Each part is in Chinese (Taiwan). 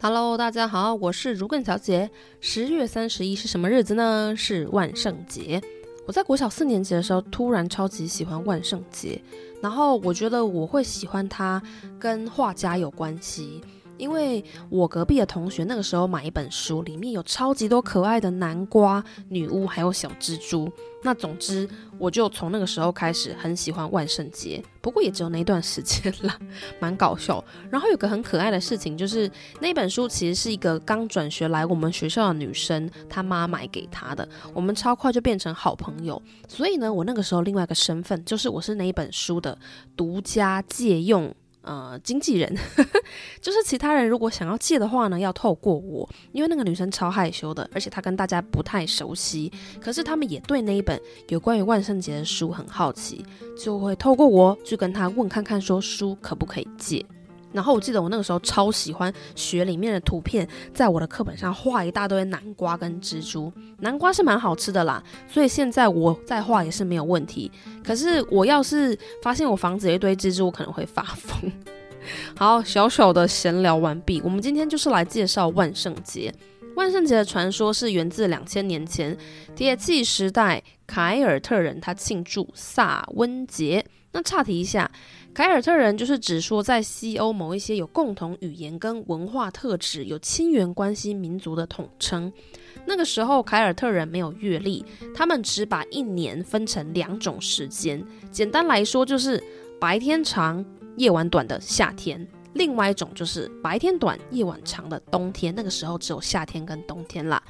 Hello，大家好，我是儒艮小姐。十月三十一是什麼日子呢？是萬聖節。我在國小四年級的時候，突然超級喜歡萬聖節，然後我覺得我會喜歡它，跟畫家有關係。因為我隔壁的同學那個時候買一本書，裡面有超級多可愛的南瓜、女巫，還有小蜘蛛。那總之，我就從那個時候開始很喜歡萬聖節。不過也只有那一段時間了，蠻搞笑。然後有個很可愛的事情，就是那本書其實是一個剛轉學來我們學校的女生，她媽買給她的。我們超快就變成好朋友。所以呢，我那個時候另外一個身份就是我是那一本書的獨家借用呃，經紀人 就是其他人如果想要借的話呢，要透過我，因為那個女生超害羞的，而且她跟大家不太熟悉，可是她們也對那一本有關於萬聖節的書很好奇，就會透過我去跟她問看看，說書可不可以借。然後我記得我那個時候超喜歡學裡面的圖片，在我的課本上畫一大堆南瓜跟蜘蛛。南瓜是蠻好吃的啦，所以現在我再畫也是沒有問題。可是我要是發現我房子有一堆蜘蛛，我可能會發瘋。好，小小的閒聊完畢，我們今天就是來介紹萬聖節。萬聖節的傳說是源自兩千年前鐵器時代凱爾特人，他慶祝薩溫節。那岔題一下。凱爾特人就是指說，在西歐某一些有共同語言跟文化特質、有親緣關係民族的統稱。那個時候，凱爾特人沒有月曆，他們只把一年分成兩種時間。簡單來說，就是白天長、夜晚短的夏天；另外一種就是白天短、夜晚長的冬天。那個時候只有夏天跟冬天啦。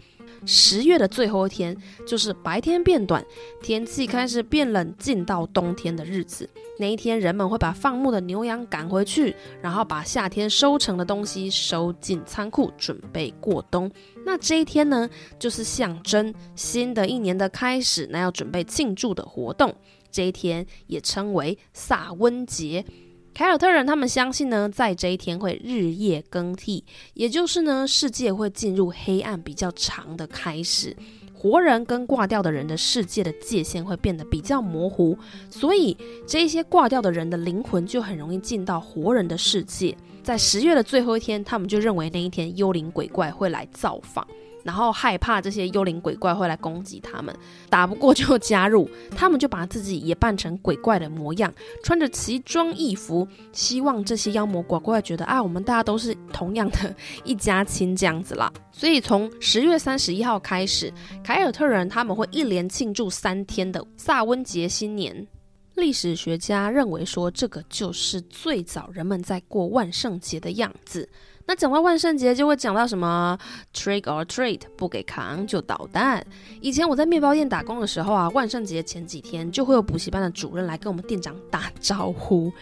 十月的最後一天，就是白天變短，天氣開始變冷，進到冬天的日子。那一天，人們會把放牧的牛羊趕回去，然後把夏天收成的東西收進倉庫，準備過冬。那這一天呢，就是象徵新的一年的開始，那要準備慶祝的活動。這一天也稱為薩溫節。凱爾特人他們相信呢，在這一天會日夜更替，也就是呢，世界會進入黑暗比較長的開始，活人跟掛掉的人的世界的界限會變得比較模糊，所以這一些掛掉的人的靈魂就很容易進到活人的世界。在十月的最後一天，他們就認為那一天幽靈鬼怪會來造訪。然後害怕這些幽靈鬼怪會來攻擊他們，打不過就加入，他們就把自己也扮成鬼怪的模樣，穿着奇裝異服，希望這些妖魔鬼怪覺得啊，我們大家都是同樣的一家親這樣子啦。所以從十月三十一號開始，凱爾特人他們會一連慶祝三天的薩溫節新年。歷史學家認為說，這個就是最早人們在過萬聖節的樣子。那講到萬聖節，就會講到什麼 trick or treat，不給扛就搗蛋。以前我在麵包店打工的時候啊，萬聖節前幾天就會有補習班的主任來跟我們店長打招呼，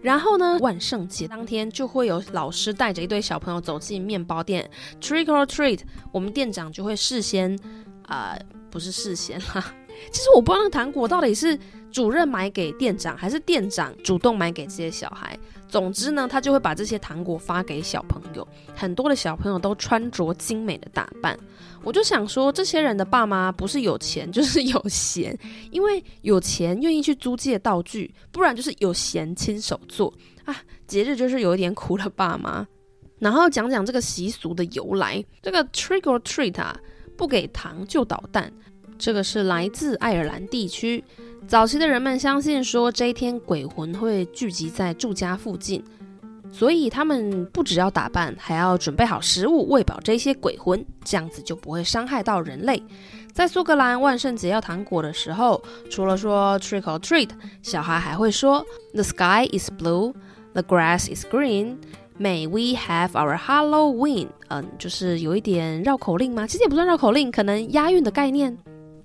然後呢，萬聖節當天就會有老師帶着一堆小朋友走進麵包店 trick or treat，我們店長就會事先啊、呃，不是事先啦、啊。其實我不知道那個糖果到底是主任買給店長，還是店長主動買給這些小孩。總之呢，他就會把這些糖果發給小朋友。很多的小朋友都穿着精美的打扮。我就想說，這些人的爸媽不是有錢，就是有閒。因為有錢願意去租借道具，不然就是有閒親手做啊。節日就是有一點苦了爸媽。然後講講這個習俗的由來。這個 Trick or Treat 啊，不給糖就搗蛋。這個是來自愛爾蘭地區，早期的人們相信說這一天鬼魂會聚集在住家附近，所以他們不只要打扮，還要準備好食物餵飽這些鬼魂，這樣子就不會傷害到人類。在蘇格蘭萬聖節要糖果的時候，除了說 Trick or Treat，小孩還會說 The sky is blue，the grass is green，May we have our Halloween？嗯、呃，就是有一點繞口令嘛，其實也不算繞口令，可能押韻的概念。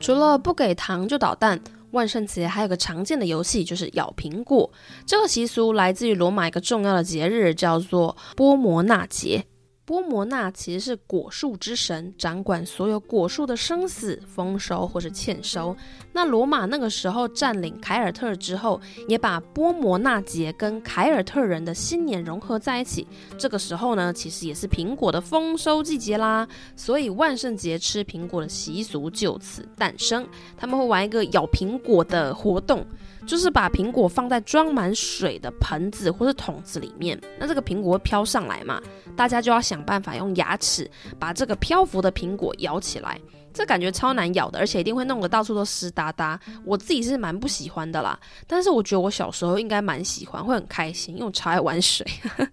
除了不給糖就搗蛋，萬聖節還有個常見的遊戲，就是咬蘋果。這個習俗來自於羅馬一個重要的節日，叫做波摩納節。波摩納其實是果樹之神，掌管所有果樹的生死、豐收或是欠收。那羅馬那個時候占領凱爾特之後，也把波摩納節跟凱爾特人的新年融合在一起。這個時候呢，其實也是蘋果的豐收季節啦，所以萬聖節吃蘋果的習俗就此誕生。他們會玩一個咬蘋果的活動。就是把蘋果放在裝滿水的盆子或者桶子裡面，那這個蘋果會飄上來嘛？大家就要想辦法用牙齒把這個漂浮的蘋果咬起來，這感覺超難咬的，而且一定會弄得到處都濕噠噠。我自己是蠻不喜歡的啦，但是我覺得我小時候應該蠻喜歡，會很開心，因為我超愛玩水。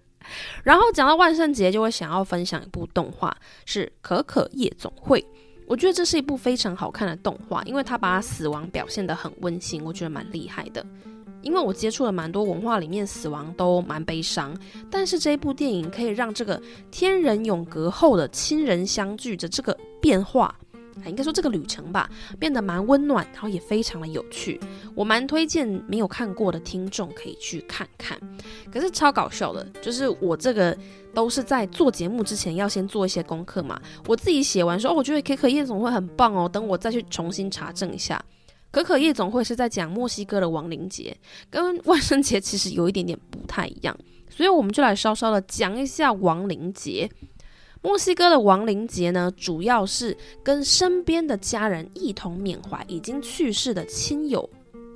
然後講到萬聖節，就會想要分享一部動畫，是《可可夜總會》。我覺得這是一部非常好看的動畫，因為它把他死亡表現得很溫馨，我覺得蠻厲害的。因為我接觸了蠻多文化裡面，死亡都蠻悲傷，但是這一部電影可以讓這個天人永隔後的親人相聚的這個變化。應該說這個旅程吧，變得蠻溫暖，然後也非常的有趣。我蠻推薦沒有看過的聽眾可以去看看。可是超搞笑的，就是我這個都是在做節目之前要先做一些功課嘛。我自己寫完說哦，我覺得可可夜總會很棒哦，等我再去重新查證一下。可可夜總會是在講墨西哥的亡靈節，跟萬聖節其實有一點點不太一樣，所以我們就來稍稍的講一下亡靈節。墨西哥的亡靈節呢，主要是跟身邊的家人一同緬懷已經去世的親友。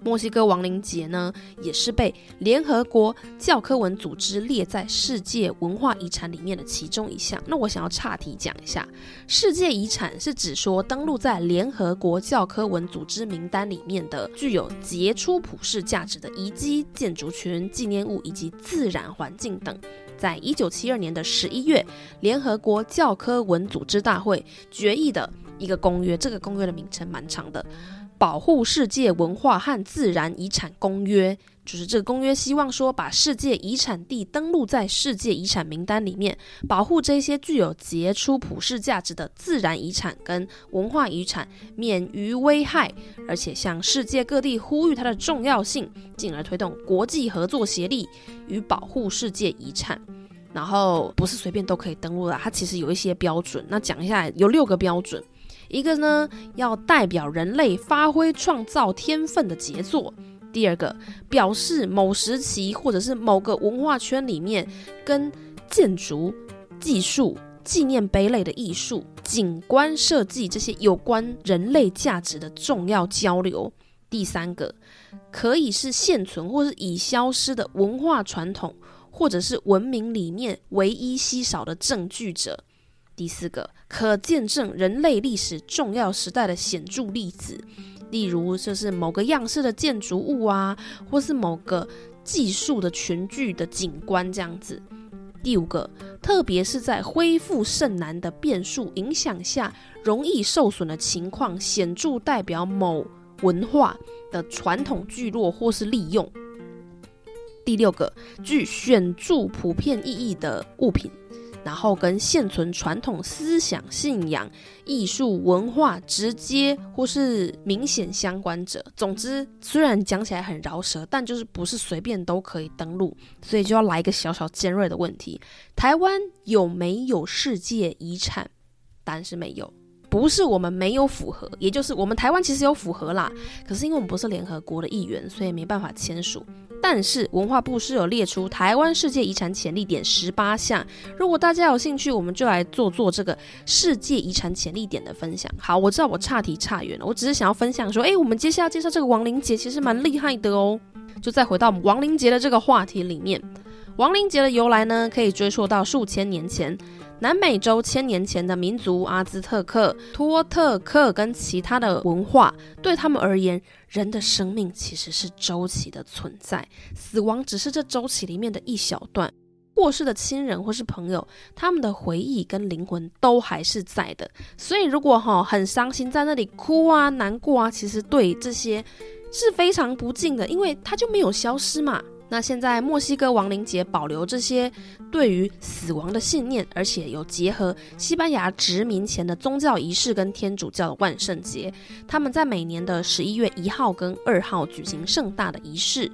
墨西哥亡靈節呢，也是被聯合國教科文組織列在世界文化遺產裡面的其中一項。那我想要岔題講一下，世界遺產是指說登錄在聯合國教科文組織名單裡面的具有傑出普世價值的遺跡、建築群、紀念物以及自然環境等。在一九七二年的十一月，聯合國教科文組織大會決議的一個公約，這個公約的名稱蠻長的。保護世界文化和自然遺產公約，就是這個公約希望說，把世界遺產地登錄在世界遺產名單裡面，保護這些具有傑出普世價值的自然遺產跟文化遺產，免於危害，而且向世界各地呼籲它的重要性，進而推動國際合作協力與保護世界遺產。然後不是隨便都可以登錄的，它其實有一些標準。那講一下，有六個標準。一個呢，要代表人類發揮創造天分的傑作；第二個，表示某時期或者是某個文化圈裡面跟建築、技術、紀念碑類的藝術、景觀設計這些有關人類價值的重要交流；第三個，可以是現存或是已消失的文化傳統，或者是文明裡面唯一稀少的證據者。第四個，可見證人類歷史重要時代的顯著例子，例如這是某個樣式的建築物啊，或是某個技術的群聚的景觀這樣子。第五個，特別是在恢復甚難的變數影響下，容易受損的情況，顯著代表某文化的傳統聚落或是利用。第六個，具顯著普遍意義的物品。然後跟現存傳統思想、信仰、藝術、文化直接或是明顯相關者。總之，雖然講起來很饒舌，但就是不是隨便都可以登錄。所以就要來一個小小尖銳的問題。台灣有沒有世界遺產？答案是沒有。不是我們沒有符合，也就是我們台灣其實有符合啦，可是因為我們不是聯合國的一員，所以沒辦法簽署。但是文化部是有列出台灣世界遺產潛力點十八項，如果大家有興趣，我們就來做做這個世界遺產潛力點的分享。好，我知道我岔題岔遠了，我只是想要分享說，誒、欸，我們接下來介紹這個亡靈節其實蠻厲害的哦。就再回到亡靈節的這個話題裡面，亡靈節的由來呢，可以追溯到數千年前。南美洲千年前的民族阿茲特克、托特克跟其他的文化，對他們而言，人的生命其實是周期的存在，死亡只是這周期裡面的一小段。過世的親人或是朋友，他們的回憶跟靈魂都還是在的。所以，如果哈很傷心，在那裡哭啊、難過啊，其實對這些是非常不敬的，因為它就沒有消失嘛。那現在墨西哥亡靈節保留這些對於死亡的信念，而且有結合西班牙殖民前的宗教儀式跟天主教的萬聖節。他們在每年的十一月一號跟二號舉行盛大的儀式。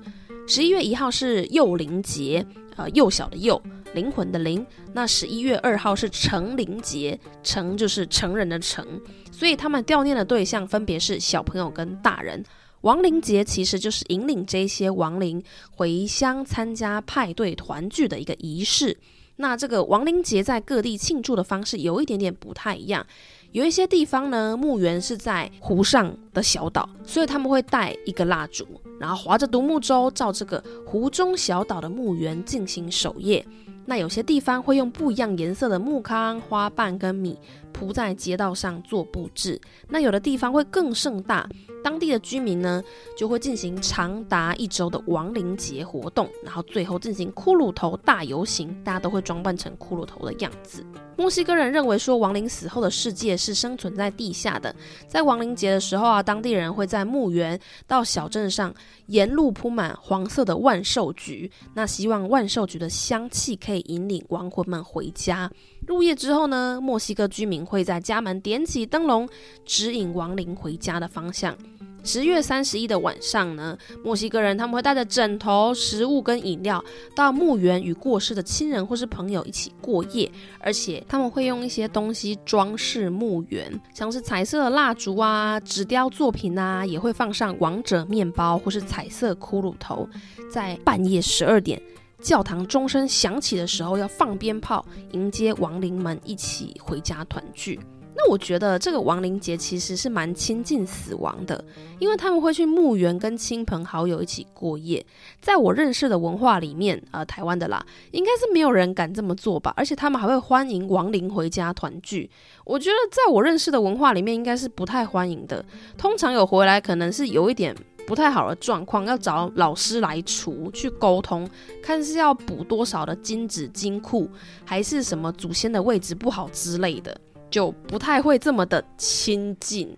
十一月一號是幼靈節，呃，幼小的幼，靈魂的靈。那十一月二號是成靈節，成就是成人的成。所以他們悼念的對象分別是小朋友跟大人。亡靈節其實就是引領這些亡靈回鄉參加派對團聚的一個儀式。那這個亡靈節在各地慶祝的方式有一點點不太一樣。有一些地方呢，墓園是在湖上的小島，所以他們會帶一個蠟燭，然後划着獨木舟，照這個湖中小島的墓園進行守夜。那有些地方會用不一樣顏色的木糠、花瓣跟米，鋪在街道上做布置，那有的地方會更盛大。當地的居民呢，就會進行長達一周的亡靈節活動，然後最後進行骷髏頭大遊行，大家都會裝扮成骷髏頭的樣子。墨西哥人認為說，亡靈死後的世界是生存在地下的，在亡靈節的時候啊，當地人會在墓園到小鎮上沿路鋪滿黃色的萬壽菊，那希望萬壽菊的香氣可以引領亡魂們回家。入夜之後呢，墨西哥居民。會在家門點起燈籠，指引亡靈回家的方向。十月三十一的晚上呢，墨西哥人他們會帶着枕頭、食物跟飲料到墓園，與過世的親人或是朋友一起過夜，而且他們會用一些東西裝飾墓園，像是彩色蠟燭啊、紙雕作品啊，也會放上亡者麵包或是彩色骷髏頭，在半夜十二點。教堂鐘聲響起的時候，要放鞭炮迎接亡靈們一起回家團聚。那我覺得這個亡靈節其實是蠻親近死亡的，因為他們會去墓園跟親朋好友一起過夜。在我認識的文化裡面，呃，台灣的啦，應該是沒有人敢這麼做吧。而且他們還會歡迎亡靈回家團聚。我覺得在我認識的文化裡面，應該是不太歡迎的。通常有回來，可能是有一點。不太好的狀況，要找老師來除去溝通，看是要補多少的金紙金庫，還是什麼祖先的位置不好之類的，就不太會這麼的親近。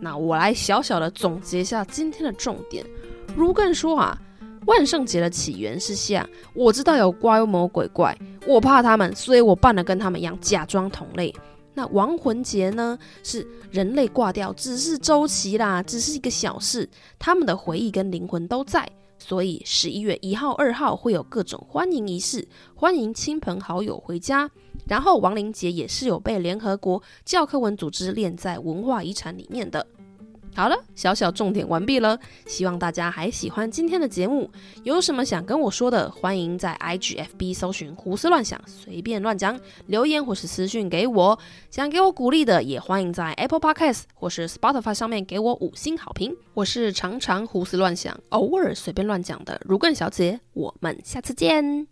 那我來小小的總結一下今天的重點。如果說啊，萬聖節的起源是像我知道有妖魔鬼怪，我怕他們，所以我扮得跟他們一樣，假裝同類。那亡魂節呢？是人類掛掉，只是週期啦，只是一個小事。他們的回憶跟靈魂都在，所以十一月一號、二號會有各種歡迎儀式，歡迎親朋好友回家。然後亡靈節也是有被聯合國教科文組織列在文化遺產裡面的。好了，小小重點完畢了。希望大家還喜歡今天的節目，有什麼想跟我說的，歡迎在 IG FB 搜尋“胡思亂想”，隨便亂講，留言或是私訊給我。想給我鼓勵的，也歡迎在 Apple Podcast 或是 Spotify 上面給我五星好評。我是常常胡思亂想，偶爾隨便亂講的儒艮小姐，我們下次見。